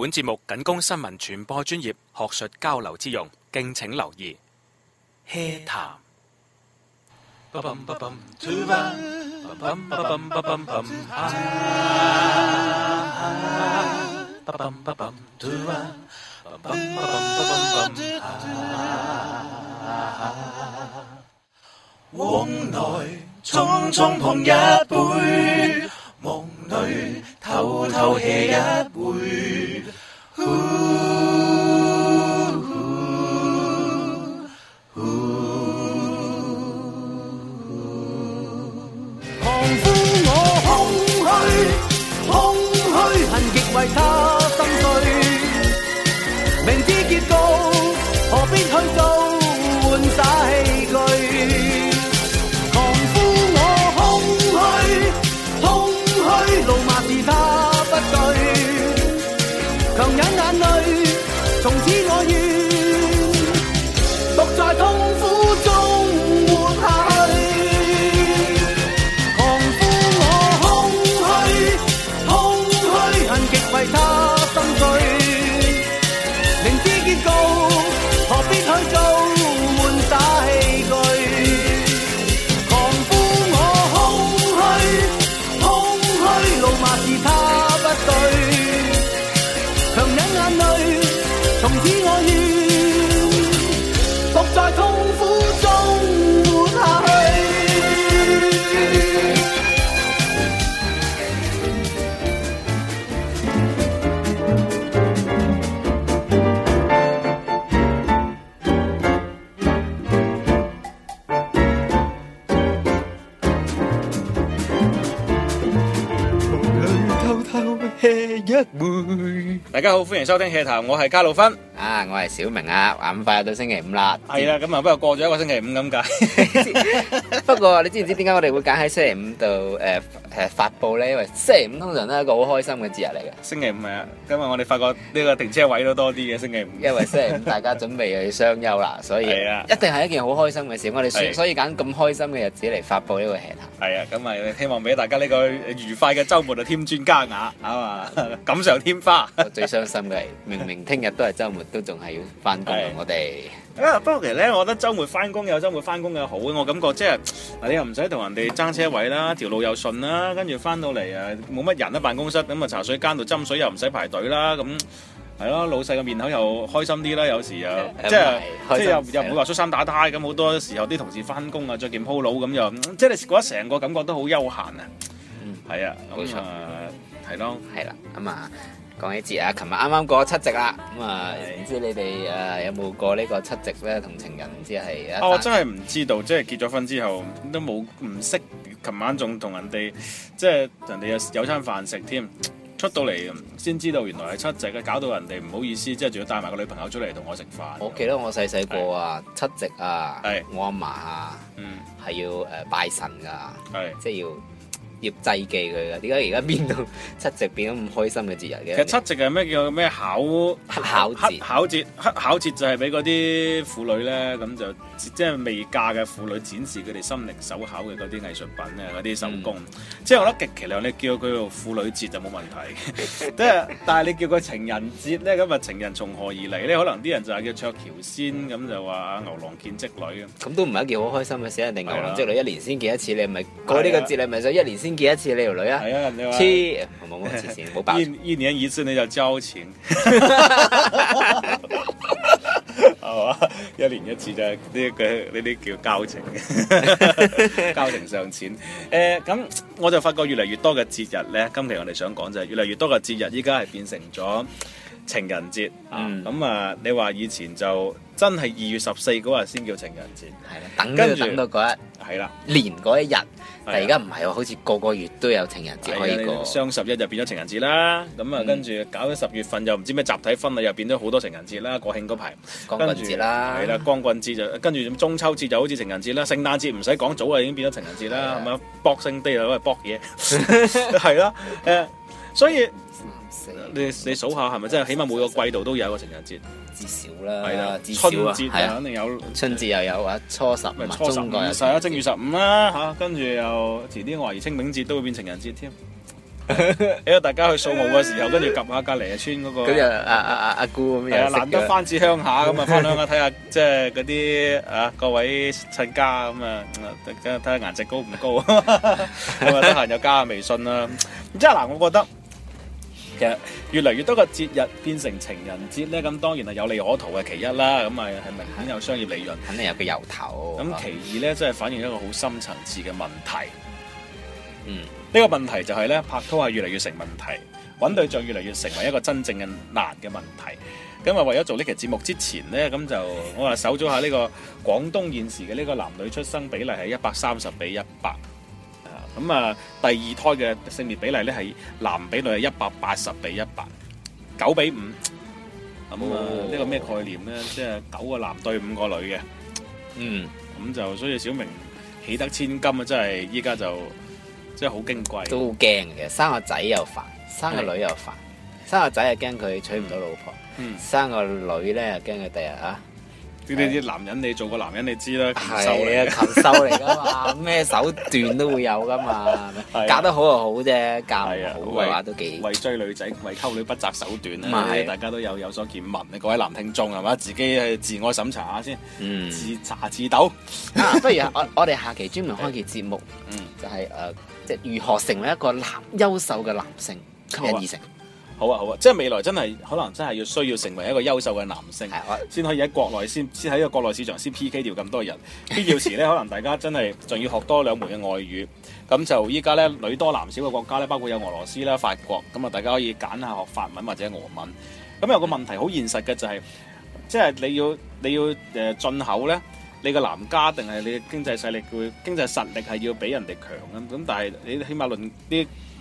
本節目僅供新聞傳播專業學術交流之用，敬請留意。Hey time。往來匆匆碰一杯。夢裏偷偷喝一杯。大家好，歡迎收聽《氣頭》，我係加魯芬，啊，我係小明啊，咁快又到星期五啦，係啦的，咁啊，不過過咗一個星期五咁解，不過你知唔知點解我哋會揀喺星期五度？誒、uh,？誒，發布咧，因為星期五通常都係一個好開心嘅節日嚟嘅。星期五係啊，今日我哋發覺呢個停車位都多啲嘅。星期五， 因為星期五大家準備又要雙休啦，所以係啊，一定係一件好開心嘅事。我哋所以揀咁開心嘅日子嚟發布呢個戲台。係啊，咁啊，希望俾大家呢個愉快嘅周末就添磚加瓦啊嘛，錦上吧 添花。 我最傷心嘅係，明明聽日都係周末，都仲係要翻工、啊、我哋。啊，不過其實咧，我覺得周末翻工有周末翻工嘅好，我感覺即係你又唔使同人哋爭車位啦，條路又順啦，跟住翻到嚟啊，冇乜人喺辦公室，咁啊茶水間度斟水又唔使排隊啦，咁係咯，老細嘅面口又開心啲啦，有時又即係即係又又唔會話出山打呔。咁，好多時候啲同事翻工啊，著件鋪佬咁又，即你覺得成個感覺都好休閒啊，係啊，冇錯，係咯，係啦，咁啊。講起節啊，琴日啱啱過咗七夕啦，咁啊唔知你哋誒有冇過呢個七夕咧？同情人唔知係啊。我真係唔知道，即係結咗婚之後都冇唔識。琴晚仲同人哋，即係人哋有有餐飯食添，出到嚟先知道原來係七夕嘅，搞到人哋唔好意思，即係仲要帶埋個女朋友出嚟同我食飯。我記得我細細個啊，七夕啊，係我阿嫲啊，嗯是，係要誒拜神噶，係即係要。業祭忌佢噶，點解而家變到七夕變咗咁開心嘅節日嘅？其實七夕係咩叫咩巧巧巧節巧節，節就係俾嗰啲婦女咧，咁就即係未嫁嘅婦女展示佢哋心靈手巧嘅嗰啲藝術品啊，嗰啲手工。嗯、即係我覺得極其量，你叫佢做婦女節就冇問題。即係 但係你叫佢情人節咧，咁啊情人從何而嚟咧？可能啲人就係叫鵲橋仙咁就話牛郎見織女咁，都唔係一件好開心嘅事人定牛郎織女的一年先見一次，你咪過呢個節，你咪想一年先。見一次你條女啊？黐，一一年一次，你就交錢，係嘛？一年一次就呢、這個呢啲叫交情， 交情上錢。誒， 咁我就發覺越嚟越多嘅節日咧。今期我哋想講就係越嚟越多嘅節日，依家係變成咗。情人節啊，咁啊，你話以前就真係二月十四嗰日先叫情人節，係啦，等就等到嗰日，係啦，年嗰一日。但而家唔係喎，好似個個月都有情人節可以過。雙十一就變咗情人節啦，咁啊，跟住搞到十月份又唔知咩集體婚禮，又變咗好多情人節啦。國慶嗰排，光棍節啦，係啦，光棍節就，跟住中秋節就好似情人節啦，聖誕節唔使講早啊，已經變咗情人節啦，係咪？博星帝又攞嚟博嘢，係啦，誒，所以。你你數下係咪真係起碼每個季度都有個情人節？至少啦，係啦，春節係啊，肯定有。春節又有啊，初十、初十、十一啦，正月十五啦吓，跟住又遲啲懷疑清明節都會變情人節添。因為大家去掃墓嘅時候，跟住及下隔籬嘅村嗰個。咁啊，阿阿阿姑咁樣。係啊，難得翻次鄉下咁啊，翻鄉下睇下，即係嗰啲啊各位親家咁啊，跟住睇下顏值高唔高，咁啊得閒又加下微信啦。唔知嗱，我覺得。其實越嚟越多個節日變成情人節呢，咁當然係有利可圖嘅其一啦，咁係係明顯有商業利潤，肯定有個由頭。咁其二呢，即係反映一個好深層次嘅問題。嗯，呢個問題就係呢，拍拖係越嚟越成問題，揾對象越嚟越成為一個真正嘅難嘅問題。咁啊，為咗做呢期節目之前呢，咁就我話搜咗下呢個廣東現時嘅呢個男女出生比例係一百三十比一百。咁啊，第二胎嘅性別比例咧係男比女係一百八十比一百九比五，咁啊呢個咩概念咧？即係九個男對五個女嘅。嗯，咁就所以小明喜得千金啊，真係依家就真係好矜貴。都好驚嘅，生個仔又煩，生個女又煩，嗯、生個仔又驚佢娶唔到老婆，嗯嗯、生個女咧又驚佢第日啊。呢啲啲男人，你做個男人你知啦，係啊，禽獸嚟㗎嘛，咩手段都會有㗎嘛，嫁得好又好啫，嫁唔好嘅話都幾，為追女仔，為溝女不擇手段啊！大家都有有所見聞咧，各位男聽眾係嘛，自己係自我審查下先，自查自鬥啊！不如我我哋下期專門開期節目，嗯，就係誒，即係如何成為一個男優秀嘅男性，今日主持人。好啊好啊，即係未來真係可能真係要需要成為一個優秀嘅男性，先的可以喺國內 先先喺個國內市場先 PK 掉咁多人。必要時咧，可能大家真係仲要學多兩門嘅外語。咁就依家咧女多男少嘅國家咧，包括有俄羅斯啦、法國，咁啊大家可以揀下學法文或者俄文。咁有個問題好現實嘅就係，是，即係你要你要誒進口咧，你個男家定係你嘅經濟勢力會經濟實力係要比人哋強咁。咁但係你起碼論啲。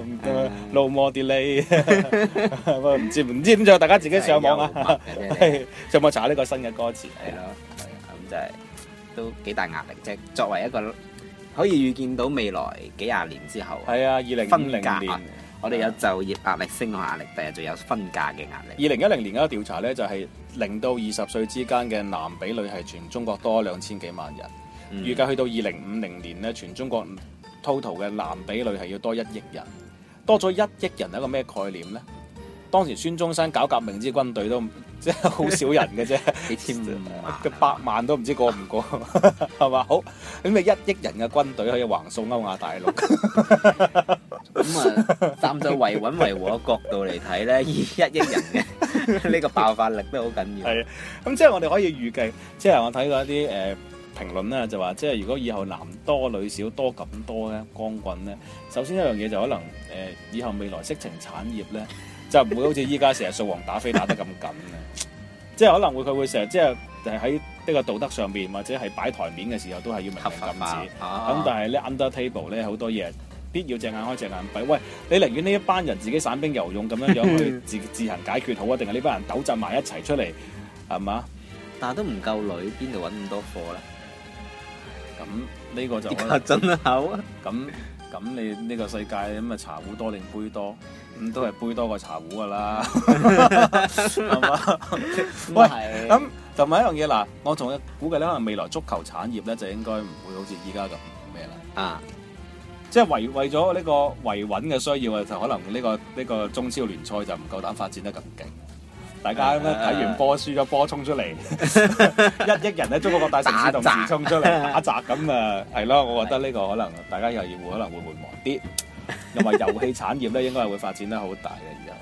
唔得，no more delay，唔知唔知點做，大家自己上網啊 上網查下呢個新嘅歌詞。係咯，咁就係都幾大壓力啫。作為一個可以預見到未來幾廿年之後，係啊，二零五零年，對我哋有就業壓力、升學壓力，第日仲有婚嫁嘅壓力。二零一零年嘅調查咧，就係零到二十歲之間嘅男比女係全中國多兩千幾萬人。預計去到二零五零年咧，全中國。粗圖嘅男比女係要多一億人，多咗一億人係一個咩概念咧？當時孫中山搞革命之軍隊都即係好少人嘅啫、 啊，幾千，百萬都唔知過唔過，係嘛？好咁咩一億人嘅軍隊可以橫掃歐亞大陸？咁 啊，站在維穩維和嘅角度嚟睇咧，以一億人嘅呢個爆發力都好緊要。係啊，咁即係我哋可以預計，即係我睇到一啲誒。呃評論咧就話，即係如果以後男多女少多咁多咧，光棍咧，首先一樣嘢就可能誒、呃，以後未來色情產業咧就唔會好似依家成日掃黃打非打得咁緊啊！ 即係可能會佢會成日即係喺呢個道德上邊或者係擺台面嘅時候都係要明明禁止，咁、啊、但係咧 under table 咧好多嘢必要隻眼開隻眼閉。喂，你寧願呢一班人自己散兵游勇咁樣樣去自 自行解決好啊？定係呢班人糾集埋一齊出嚟係嘛？但係都唔夠女，邊度揾咁多貨咧？咁呢個就真係好啊！咁咁你呢個世界咁啊茶壺多定杯多？咁、嗯、都係杯多過茶壺噶啦。喂，咁同埋一樣嘢嗱，我仲估計咧，可能未來足球產業咧就應該唔會好似依家咁咩啦。啊！即係為為咗呢個維穩嘅需要啊，就可能呢、呢個呢、呢個中超聯賽就唔夠膽發展得咁勁。大家咁樣睇完波輸，輸咗波衝出嚟， 一億人咧，中國各大城市同時衝出嚟打砸咁啊，係咯， 我覺得呢個可能大家又要可能會緩和啲。又話 遊戲產業咧，應該係會發展得好大嘅。以後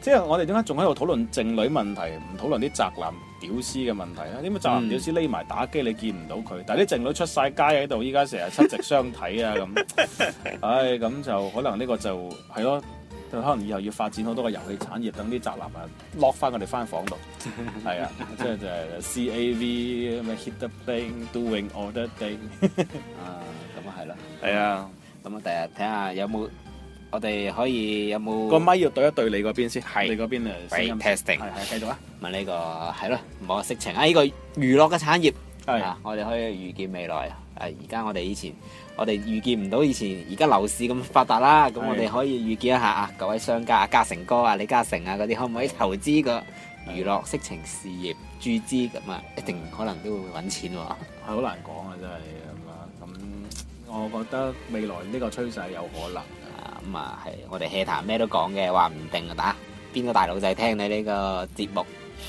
即係我哋點解仲喺度討論剩女問題，唔討論啲宅男屌絲嘅問題咧？點解宅男屌絲匿埋打機，你見唔到佢？嗯、但係啲剩女出晒街喺度，依家成日七夕相睇啊咁。唉，咁就可能呢個就係、是、咯。可能以後要發展好多個遊戲產業，等啲宅男啊 lock 翻佢哋翻房度，係 啊，即係就係 CAV hit the thing doing all the thing 啊，咁啊係咯，係啊，咁啊第日睇下看看有冇我哋可以有冇個咪要對一對你嗰邊先，係你嗰邊 Great testing，係係繼續啊，問呢個係唔好色情啊，呢、這個娛樂嘅產業，係是啊，我哋可以預見未來啊，誒而家我哋以前。我哋預見唔到以前而家樓市咁發達啦，咁我哋可以預見一下啊，各位商家啊，嘉誠哥啊，李嘉誠啊嗰啲，可唔可以投資個娛樂色情事業注資咁啊？一定可能都會揾錢喎。係好難講啊，真係咁我覺得未來呢個趨勢有可能啊，咁啊係我哋 hea 壇咩都講嘅，話唔定啊，打邊個大佬仔聽你呢個節目，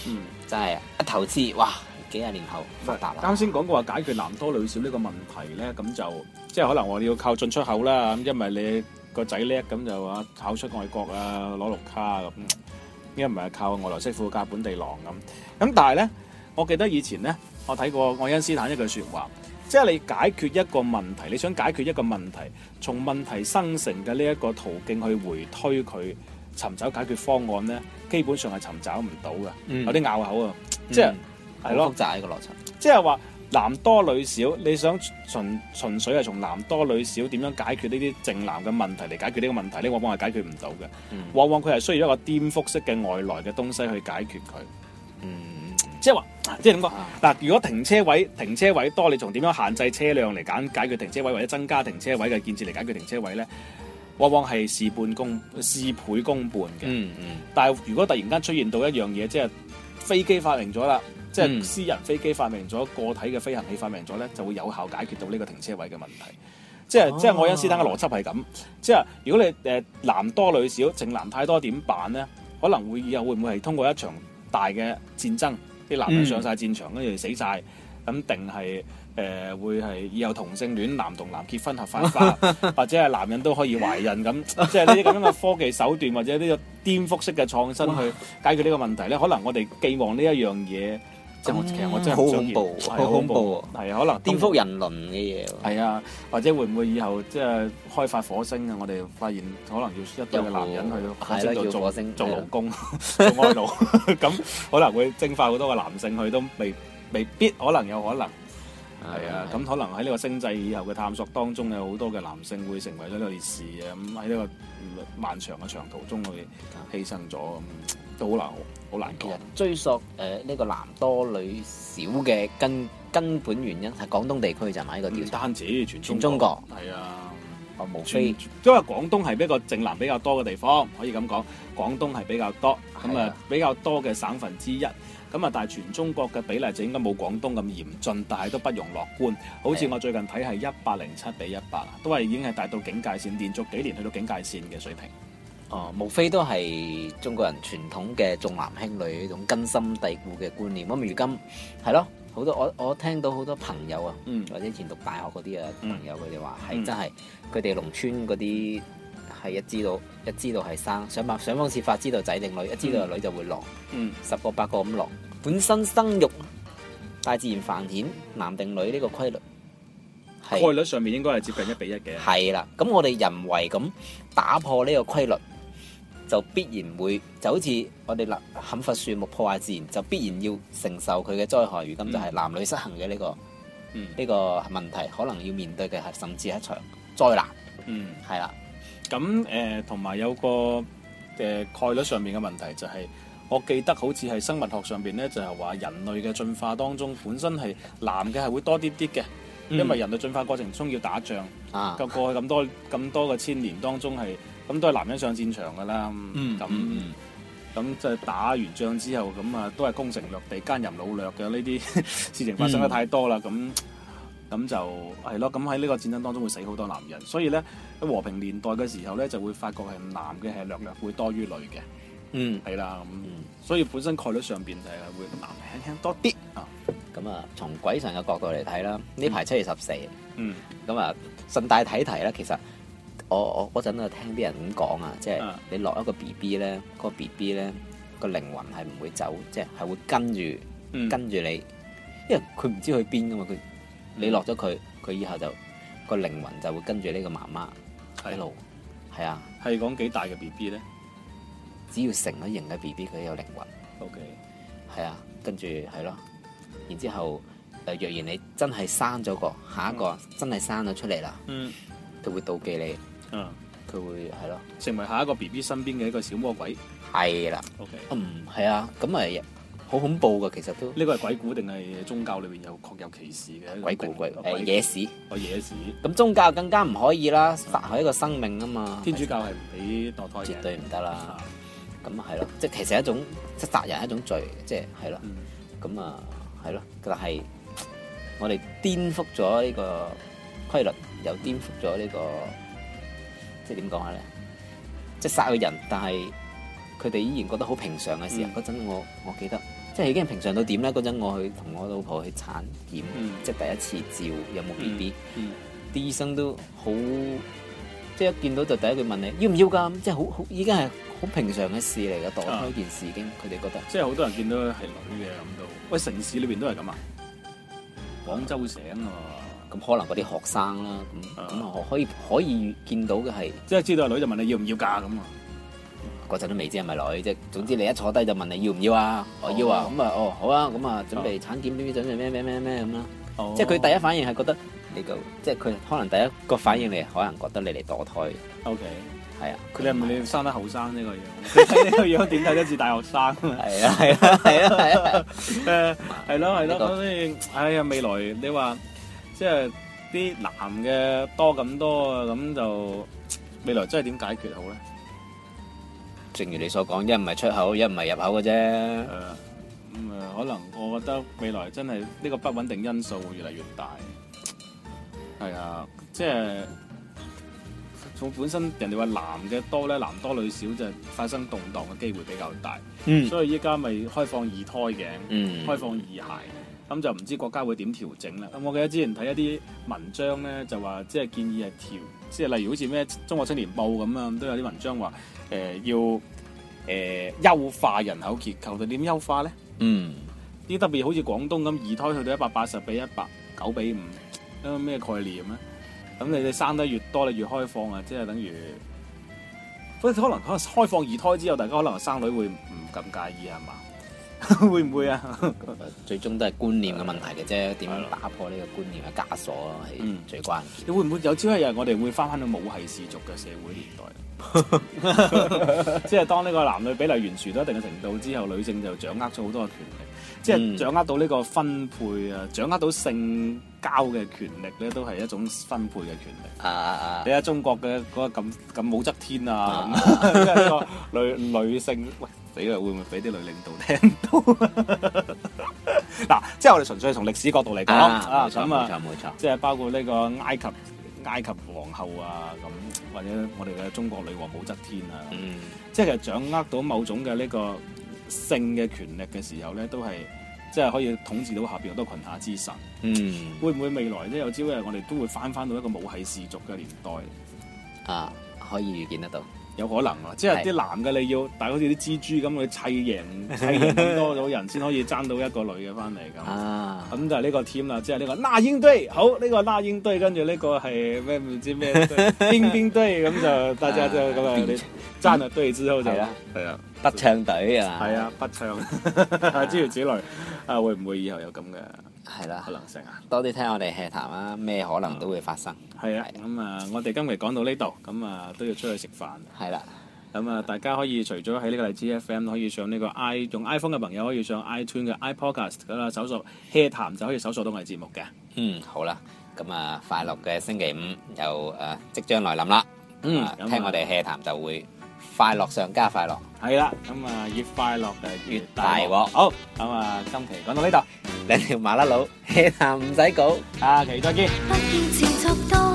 嗯，真係一投資哇！幾廿年後發達。啱先講嘅話，解決男多女少呢個問題咧，咁就即係可能我哋要靠進出口啦。咁一唔係你個仔叻，咁就話考出外國啊，攞綠卡咁。一唔係靠外來媳婦嫁本地郎咁。咁但係咧，我記得以前咧，我睇過愛因斯坦一句說話，即係你解決一個問題，你想解決一個問題，從問題生成嘅呢一個途徑去回推佢，尋找解決方案咧，基本上係尋找唔到噶，嗯、有啲拗口啊，嗯、即係。係咯，複雜嘅邏輯。即係話男多女少，你想純純粹係從男多女少點樣解決呢啲剩男嘅問題嚟解決呢個問題，呢往往係解決唔到嘅。嗯、往往佢係需要一個顛覆式嘅外來嘅東西去解決佢。嗯，即係話，即係點講？嗱、啊，如果停車位停車位多，你從點樣限制車輛嚟揀解決停車位，或者增加停車位嘅建設嚟解決停車位呢？往往係事半功事倍功半嘅。嗯嗯、但係如果突然間出現到一樣嘢，即係飛機發明咗啦。即係私人飛機發明咗，嗯、個體嘅飛行器發明咗呢，就會有效解決到呢個停車位嘅問題。即係、哦、即係愛因斯坦嘅邏輯係咁。即係如果你男多女少，剩男太多點辦呢？可能會以後會唔會係通過一場大嘅戰爭，啲男人上晒戰場跟住、嗯、死晒？咁定係誒、呃、會係以後同性戀男同男結婚合法化， 或者係男人都可以懷孕咁？即係呢啲咁樣嘅科技手段或者呢個顛覆式嘅創新去解決呢個問題呢？哇哇可能我哋寄望呢一樣嘢。其實我真係好恐怖，好恐怖喎。係啊，可能顛覆人倫嘅嘢。係啊，或者會唔會以後即係開發火星啊？我哋發現可能要一堆嘅男人去火星做火星做勞工，做安老。咁可能會蒸發好多嘅男性，去，都未未必可能有可能。係啊，咁可能喺呢個星際以後嘅探索當中，有好多嘅男性會成為咗呢個烈士啊！咁喺呢個漫長嘅長途中去犧牲咗。都好難，好難追溯誒，呢、呃，這個男多女少嘅根根本原因係廣東地區就係呢個調查。單止全中國係全啊，無非因為廣東係一個剩男比較多嘅地方，可以咁講。廣東係比較多，咁、嗯、啊比較多嘅省份之一。咁啊，但係全中國嘅比例就應該冇廣東咁嚴峻，但係都不容樂觀。好似我最近睇係一百零七比一百，都係已經係達到警戒線，連續幾年去到警戒線嘅水平。哦，無非都係中國人傳統嘅重男輕女呢種根深蒂固嘅觀念。咁、嗯、啊，如今係咯，好多我我聽到好多朋友啊，嗯、或者以前讀大學嗰啲啊朋友佢哋話係真係佢哋農村嗰啲係一知道一知道係生，想方想方設法，法知道仔定女，一知道係女就會落，嗯、十個八個咁落。本身生育大自然繁衍男定女呢個規律，係概率上面應該係接近一比一嘅。係啦的，咁我哋人為咁打破呢個規律。就必然會，就好似我哋立砍伐樹木破壞自然，就必然要承受佢嘅災害。如今就係、是、男女失衡嘅呢、呢個呢、嗯、個問題可能要面對嘅係甚至係一場災難。嗯，係啦的。咁誒同埋有個誒、呃、概率上面嘅問題、就是，就係我記得好似係生物學上邊咧，就係話人類嘅進化當中，本身係男嘅係會多啲啲嘅，嗯、因為人類進化過程中要打仗啊，過去咁多咁多嘅千年當中係。咁都係男人上戰場噶啦，咁咁即係打完仗之後，咁啊都係攻城略地、奸淫擄掠嘅呢啲事情發生得太多啦，咁咁 就係咯。咁喺呢個戰爭當中會死好多男人，所以咧喺和平年代嘅時候咧，就會發覺係男嘅係略略會多於女嘅，嗯， 係啦，咁所以本身概率上邊就係會男輕輕多啲啊。咁啊、嗯，從鬼神嘅角度嚟睇啦，呢排七月十四，嗯，咁啊、呃，順帶睇睇啦，其實。我我嗰陣啊聽啲人咁講啊，即係你落一個 B B 咧，個 B B 咧個靈魂係唔、那個、會走，即係係會跟住、嗯、跟住你，因為佢唔知去邊噶嘛佢，你落咗佢，佢以後就、個靈魂就會跟住呢個媽媽一路，係啊，係講幾大嘅 B B 咧？只要成咗型嘅 B B 佢有靈魂。O K，係啊，跟住係咯，然之後誒，若然你真係生咗個下一個真係生咗出嚟啦，佢、嗯、會妒忌你。佢會係咯，成為下一個 B B 身邊嘅一個小魔鬼，係啦。O K，嗯，係啊，咁咪好恐怖噶。其實都呢個係鬼古定係宗教裏邊有確有其事嘅鬼古。誒，野史，誒，野史。咁宗教更加唔可以啦，殺害一個生命啊嘛。天主教係唔俾墮胎嘅，絕對唔得啦。咁啊係咯，即係其實一種，即係殺人一種罪，即係係咯。咁啊係咯，但係我哋顛覆咗呢個規律，又顛覆咗呢個。即係點講啊咧？即係殺個人，但係佢哋依然覺得好平常嘅事。嗰陣、嗯、我我記得，即係已經平常到點啦。嗰陣我去同我老婆去產檢，嗯、即係第一次照有冇 B B，啲醫生都好，即係一見到就第一句問你要唔要噶，即係好好已經係好平常嘅事嚟嘅，當一件事已經，佢哋、啊、覺得。即係好多人見到係女嘅，咁都。喂，城市裏邊都係咁啊？廣州醒啊。可能嗰啲學生啦，咁咁我可以可以見到嘅係，即係知道女就問你要唔要嫁咁啊？嗰陣都未知係咪女即係，總之你一坐低就問你要唔要啊？我要啊，咁啊哦好啊，咁啊準備產檢，準備咩咩咩咩咁啦。即係佢第一反應係覺得你夠，即係佢可能第一個反應嚟，可能覺得你嚟墮胎。OK，係啊，佢哋係咪你生得後生呢個樣，呢個樣點睇都似大學生啊！係啊係啊係啊係啊，誒係咯係咯，所以哎呀未來你話。即係啲男嘅多咁多啊，咁就未來真係點解決好咧？正如你所講，一唔係出口，一唔係入口嘅啫。咁啊、嗯，可能我覺得未來真係呢個不穩定因素會越嚟越大。係啊的，即係從本身人哋話男嘅多咧，男多女少就發生動蕩嘅機會比較大。嗯、所以依家咪開放二胎嘅，嗯、開放二孩。咁就唔知國家會點調整啦。咁我記得之前睇一啲文章咧，就話即係建議係調，即係例如好似咩《中國青年報》咁啊，都有啲文章話誒要誒優化人口結構，但點優化咧？嗯，啲特別好似廣東咁，二胎去到一百八十比一百九比五，有咩概念咧？咁你哋生得越多，你越開放啊！即係等於，可能可能開放二胎之後，大家可能生女會唔咁介意啊？係嘛？ 會唔會啊？ 最終都係觀念嘅問題嘅啫，點樣打破呢個觀念嘅枷鎖咯，係最關鍵。你會唔會有朝一日我哋會翻翻到母系氏族嘅社會年代？即係當呢個男女比例懸殊到一定嘅程度之後，女性就掌握咗好多嘅權力，即係掌握到呢個分配啊，掌握到性交嘅權力咧，都係一種分配嘅權力。啊啊啊！啊你睇中國嘅嗰個咁咁武則天啊，即係個女女性俾 啊，會唔會俾啲女領導聽到？嗱，即係我哋純粹從歷史角度嚟講啊，啊，冇錯冇錯，樣錯即係包括呢個埃及埃及皇后啊，咁或者我哋嘅中國女王武則天啊，嗯，即係其實掌握到某種嘅呢個性嘅權力嘅時候咧，都係即係可以統治到下邊好多裙下之臣。嗯，會唔會未來咧有朝一日我哋都會翻翻到一個母系氏族嘅年代啊？可以預見得到。有可能啊，即係啲男嘅你要，但係好似啲蜘蛛咁去砌贏，砌贏多到人先可以爭到一個女嘅翻嚟咁。咁 就係呢個 team 啦，即係呢個拉英隊，好，呢個拉英隊，跟住呢個係咩唔知咩 冰冰隊，咁就大家就咁啊你爭下隊之後就係啦，係 啊，啊，啊，不唱底啊，係啊，不唱諸如此類啊，會唔會以後有咁嘅？係啦，可能性啊！多啲聽我哋客談啦，咩可能都會發生。係啦，咁啊，我哋今日講到呢度，咁啊都要出去食飯。係啦的，咁啊，大家可以除咗喺呢個荔枝 FM，可以上呢個 i 用 iPhone 嘅朋友可以上 iTune 嘅 iPodcast 噶啦，搜索《客談》就可以搜索到我哋節目嘅。嗯，好啦，咁啊，快樂嘅星期五又誒、呃、即將來臨啦，嗯、聽我哋客談就會。快樂上加快樂，係啦，咁啊越快樂就越大鑊，好，咁啊今期講到呢度，兩條麻甩佬 hea 下唔使講，下期再見。